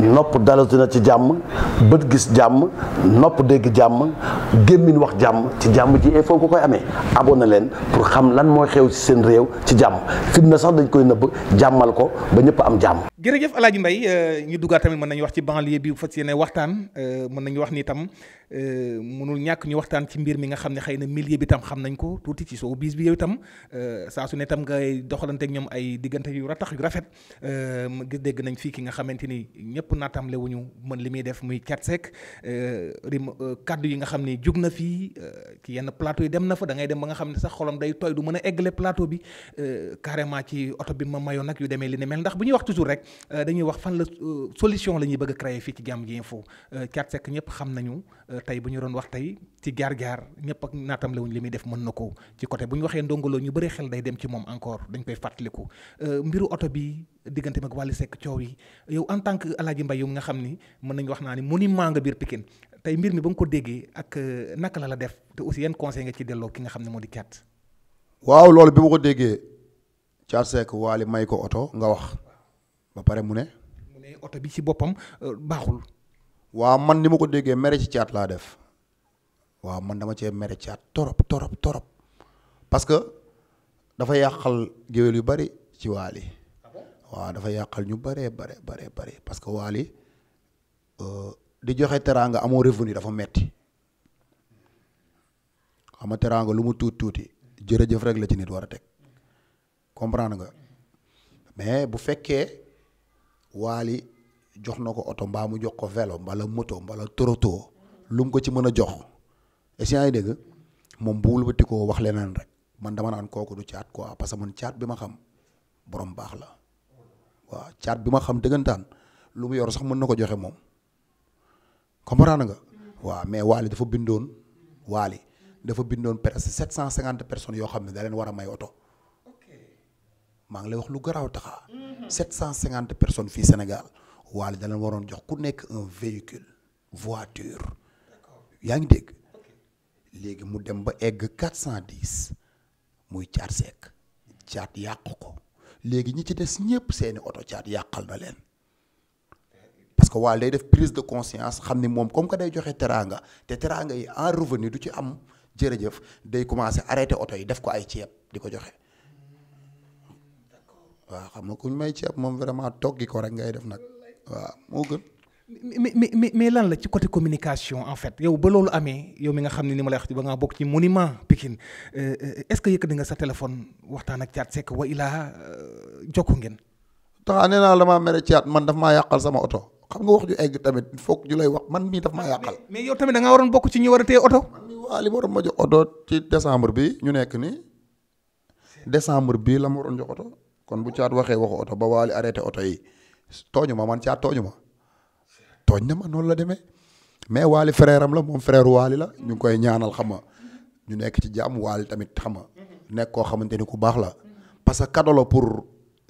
nopp dalatu na ci jàmm bët gis jàmm nopp dégg jàmm gémmiñ wax jàmm ci jàmm ji il faut nga koy amee abonné leen pour xam lan mooy xew ci seen réew ci jàmm fitna sax dañ koy nëbb jàmmal ko ba ñëpp am jàmm jërëjëf El Hadj Mbaye euh, ñu duggaat tamit mën nañu wax ci banlieue bi bu fas yéene waxtaan euh, mën nañu wax ni tam euh, mënul ñàkk ñu waxtaan ci mbir mi nga xam ne xëy na milieu bi tam xam nañ ko tuuti ci soo bis bi yow itam saa su ne tam ngay doxalanteeg ñoom ay diggante yu ratax yu rafet gis dégg nañ fii ki nga xamante ni ñëpp naatamle wu ñu mën li muy def muy Thiat Seck rim kaddu yi nga xam ne jug na fii ci yenn plateau yi dem na fa da ngay dem ba nga xam ne sax xolam day tooy du mën a eggale plateau bi carrément ci oto bi ma mayoon nag yu demee li ne mel ndax bu ñuy wax toujours rek Euh, dañuy wax fan la euh, solution la ñuy bëgg a créer fii ci jàmm ji info euh, Thiat Seck ñëpp xam nañu tey bu ñu doon wax tey ci gaar-gaar ñëpp ak naatam la wuñ li muy def mën na ko ci côté bu ñu waxee ndongoloo ñu bëri xel day dem ci moom encore dañ koy fàttaliku mbiru oto bi diggante mag Wally sekk coow yi yow en tant que Alaaji Mbay yow nga xam ni mën nañu wax naa ni monument nga biir Pikine tey mbir mi ba nga ko déggee ak naka la la def te aussi yan conseil nga ci delloo ki nga xam ne moo di Thiat waaw loolu bi ma ko déggee Thiat Seck may ko oto nga wax ba pare mu ne. mu ne oto bi ci boppam euh, baaxul. waaw man ni ma ko déggee mere ci caat laa def waaw man dama cee mere caat torop torop torop parce que dafa yàqal géwél yu bari ci waali ah waaw dafa yàqal ñu bare bare bare bare parce que waali euh, di joxe teraanga amoo revenu dafa metti xam nga teraanga lu mu tuuti tuuti jërëjëf rek la ci nit war a teg comprendre nga mais bu fekkee. waali jox na ko oto mbaa mu jox ko felo mbala moto mbala toroto lu ko ci mën a jox est yi dégg moom bu wëlbati ko wax leneen rek man dama naan kooku du caat quoi parce que man caat bi ma xam borom baax la waaw caat bi ma xam dëggantaan lu mu yor sax mën na ko joxe moom comprendre nga. waa mais waali dafa bindoon waali dafa bindoon presque sept cent cinquante personnes yoo xam ne da leen war a may oto. maa ngi lay wax lu garaaw cent 750 personne fii Sénégal waale da waroon jox ku nekk un véhicule voiture yaa ngi dégg léegi mu dem ba egg 410 muy caat seek caat yàq ko léegi ñi ci des ñëpp seeni oto caat yàqal na leen parce que waale day def prise de conscience xam ni moom comme que day joxe teraanga te teraanga yi en revenu du ci am jërëjëf day commencé arrêté oto yi def ko ay ceeb di ko joxe waaw xam nga kuñ may ceeb moom vraiment toggi ko rek ngay def nag waaw moo gën. mais mais mais lan la ci côté communication en fait yow ba loolu amee yow mi nga xam ne ni ma lay wax ba ngaa bokk ci monument Pikine euh, euh, est-ce que yëkkati nga sa téléphone waxtaan ak Thiat Seck wa ilaa euh, jokku ngeen. taxaa nee naa la maa mere Thiat man daf maa yàqal sama oto xam nga wax ju egg tamit foog ñu lay wax man mii daf maa yàqal. mais yow tamit da ngaa waroon bokk ci ñi war a oto. man mii ma waroon ma ci décembre bi ñu nekk nii décembre bii la ma waroon jox oto. kon bu caat waxee waxu oto ba waali arrêté oto yi tooñu ma man caat tooñu ma tooñ na ma noonu la demee mais waali frère am la moom frère waali la ñu ngi koy ñaanal xam nga ñu nekk ci jàmm waali tamit xam nga nekk koo xamante ni ku baax la parce que cadeau pour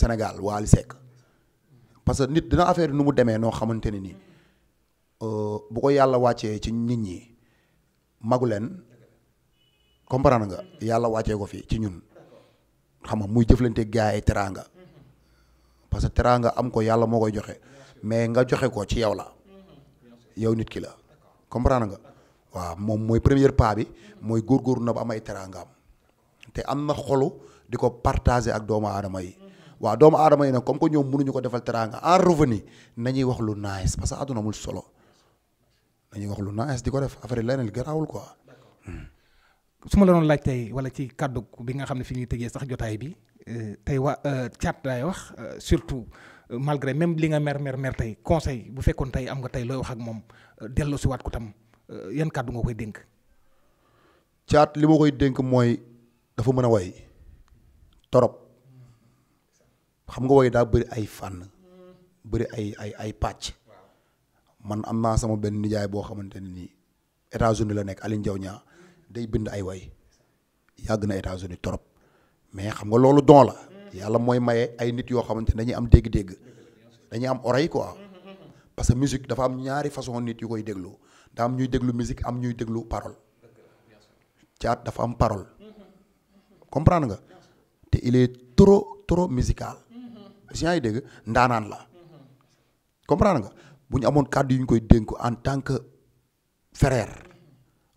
Sénégal waali Seck parce que nit dina affaire nu mu demee noo xamante ne nii euh, bu ko yàlla wàccee ci nit ñi magu leen comprendre nga yàlla wàccee ko fii ci ñun. xam nga muy jëflante gaa ay teraanga parce que teraanga am ko yàlla moo koy joxe mais nga joxe ko ci yow la yow nit ki la comprendre nga waaw moom mooy premier pas bi mooy góor góor na ba am ay teraangaam te am na xolu di ko partager ak doomu aadama yi waaw doomu aadama yi nag comme que ñoom mënuñu ko defal teraanga en revenu nañuy wax lu nice parce que àdduna amul solo nañuy wax lu nice di ko def affaire leneen garawul quoi. Hmm. su ma la doon laaj tey wala ci kàddu bi nga xam ne fi ñuy tëjee sax jotaay bi euh, tey waa euh, caat laay wax euh, surtout malgré même li nga mer mer mer tey conseil bu fekkoon tey am nga tey looy wax ak moom dellu si waat ko tam yan kàddu nga koy dénk. caat li ma koy dénk mooy dafa mën a way torop xam nga way daa bëri ay fànn bëri ay ay ay pàcc man am naa sama benn nijaay boo xamante ne nii États-Unis la nekk Alioune Diaw ñaa day bind ay way yàgg na États-Unis trop mais xam nga loolu don la yàlla mooy maye ay nit yoo xamante dañuy am dégg-dégg dañuy am oreille quoi parce que musique dafa am ñaari façon nit yu koy déglu daa am ñuy déglu musique am ñuy déglu parole caat dafa am parole comprendre nga te il est trop trop musical si yaa dégg ndaanaan la comprendre nga bu ñu amoon kàddu yu ñu koy dénku en tant que frère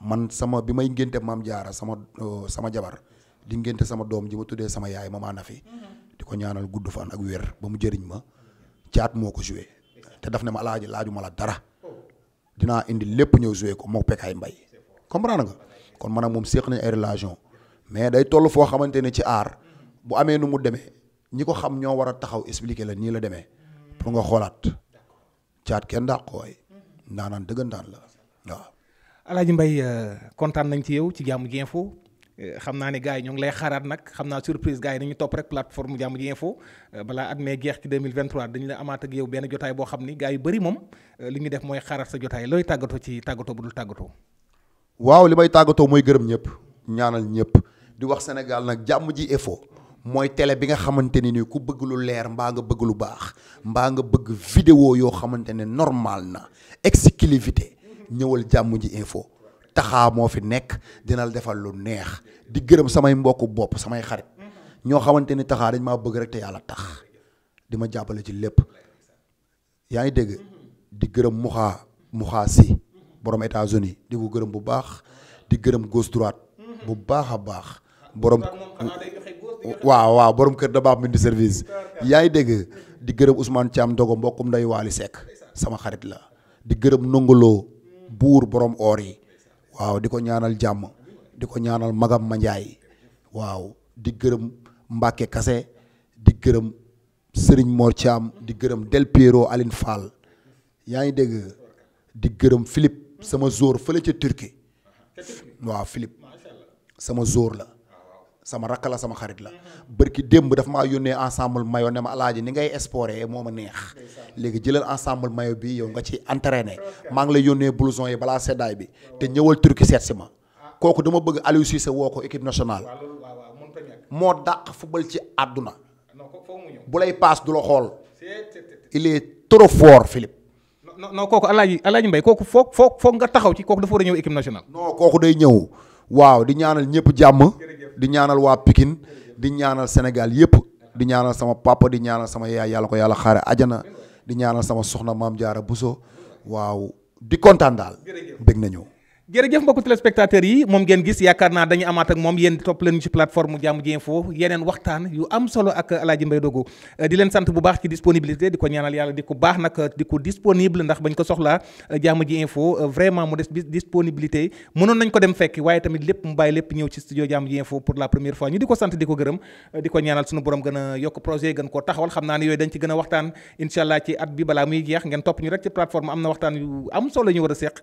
man sama bi may ngénte maam jaara sama euh, sama jabar di ngénte sama doom ji ma tuddee sama yaay ma maana fi di ko ñaanal gudd fan ak wér ba mu jëriñ ma caat moo ko joué te daf ne ma alaaji laaju ma la dara dinaa indi lépp ñëw joué ko moo pekkaay mbay comprendre nga kon man ak moom séq nañ ay relation mais day toll foo xamante ne ci aar bu amee nu mu demee ñi ko xam ñoo war a taxaw expliquer la nii la demee pour nga xoolaat caat kenn daa ko waay ndaanaan la Alaaji Mbaye euh, kontaan nañ ci yow ci jàmm ji info euh, xam naa ni gars yi ñoo ngi lay xaraat nag xam naa surprise gars yi nañu topp rek plateforme jàmm ji info euh, balaa at mee jeex ci 2023 dañu la amaat ak yow benn jotaay boo xam ni gars yu bëri moom li ñu def mooy xaaraat sa jotaay looy tàggatoo ci tàggatoo bu dul tàggatoo. waaw li may tàggatoo mooy gërëm ñëpp ñaanal ñëpp di wax Sénégal nag jàmm ji info mooy tele bi nga xamante ni nii ku bëgg lu leer mbaa nga bëgg lu baax mbaa nga bëgg vidéo yoo xamante ne normal na exclusivité ñëwal jàmm ji info taxaa moo fi nekk dinal defal lu neex di gërëm samay mbokk bopp samay xarit ñoo xamante ni taxaa dañ ma bëgg rek te yàlla tax di ma jàppale ci lépp yaa ngi dégg di gërëm muxaa muxaa si borom États-Unis di ko gërëm bu baax di gërëm gauche bu baax a baax borom waaw waaw borom kër da baax mindi service yaa ngi dégg di gërëm Ousmane Thiam Ndogo mbokkum day waali Seck sama xarit la di gërëm nongoloo buur borom oor yi waaw di ko ñaanal jàmm di ko ñaanal magam manjaay waaw di gërëm Mbacke Kase di gërëm Serigne Mor Thiam di gërëm Del alin Aline yaa ngi dégg di gërëm Philippe sama jour fële ci Turquie waaw Philippe sama jour la sama rakk la sama xarit la bërki démb dafa maa yónnee ensemble mayo ne ma alaaji ni ngay sporé moo ma neex léegi jëlal ensemble mayo bi yow nga ci entraîné maa ngi lay yónnee blouson yi balaa seddaay bi te ñëwal turki seet si ma ah. kooku dama bëgg Aliou Cissé woo ko équipe nationale moo dàq football ci àdduna bu lay paas du la xool il est trop fort no non non kooku alaaji alaaji Mbaye kooku foog foo foog nga taxaw ci kooku dafa war a ñëw équipe nationale. non kooku day ñëw. waaw di ñaanal ñëpp jàmm di ñaanal waa pikin di ñaanal Sénégal yëpp di ñaanal sama papa di ñaanal sama yaay yàlla ko yàlla xaare ajana di ñaanal sama soxna maam Jaara Buso waaw di kontaan daal bëgg nañu jërëjëf mbokku téléspectateurs yi moom ngeen gis yaakaar naa dañu amaat ak moom yéen topp leen ci plateforme jàmm ji info yeneen waxtaan yu am solo ak Alaaji Mbay Dogo euh, leen sant bu baax ci disponibilité di ko ñaanal yàlla di ko baax nag euh, di ko disponible ndax bañ ko soxlaa euh, jàmm ji info vraiment mu des disponibilité mënoon ko dem fekk waaye tamit lépp mu lépp ñëw ci studio jàmm sant di ko gërëm di ko ñaanal suñu borom projet gën koo taxawal xam naa ne yooyu dañ ci a waxtaan incha allah at bi balaa muy jeex ngeen topp ñu rek ci plateforme am yu am solo ñu war a seq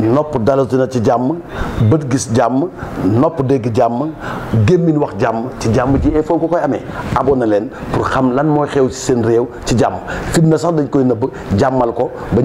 nopp dalatu na ci jàmm bët gis jàmm nopp dégg jàmm gémmiñ wax jàmm ci jàmm ji il faut nga koy amee abonné leen pour xam lan mooy xew ci seen réew ci jàmm fitna sax dañ koy nëbb jàmmal ko ba